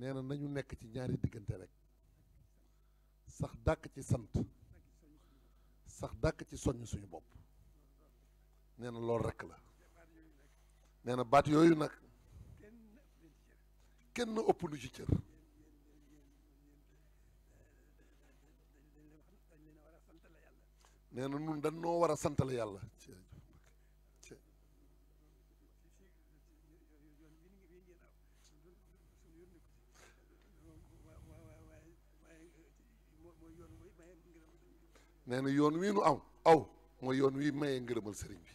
nee na nañu nekk ci ñaari diggante rek sax dàkk ci sant sax dàkk ci soññ suñu bopp nee na loolu rek la nee na baat yooyu nag kenn ëpp nu ci cër nee na nun dañ noo war a sant la yàlla nee yoon wii nu aw aw mooy yoon wii mayee ngërëmal sëriñ bi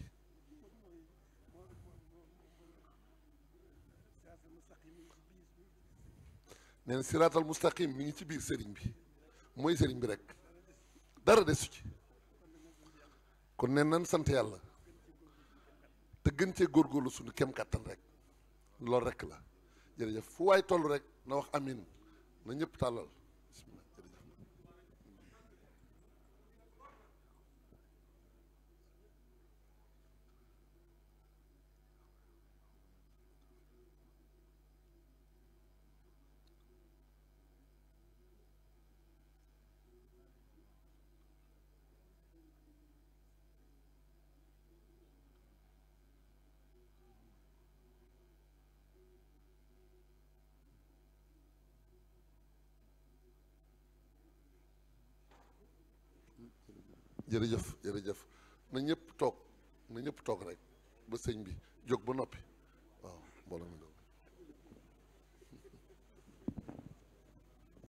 nee na siraatal mustaqim mi ngi ci biir sëriñ bi mooy sëriñ bi rek dara desu ci kon nee na sant yàlla te gën cee góorgóorlu suñu kem kàttan rek loolu rek la jërëjëf fu waay toll rek na wax amin na ñëpp tàllal jërëjëf jërëjëf na ñëpp toog na ñëpp toog rek ba sëñ bi jóg ba noppi waaw mbooloo mi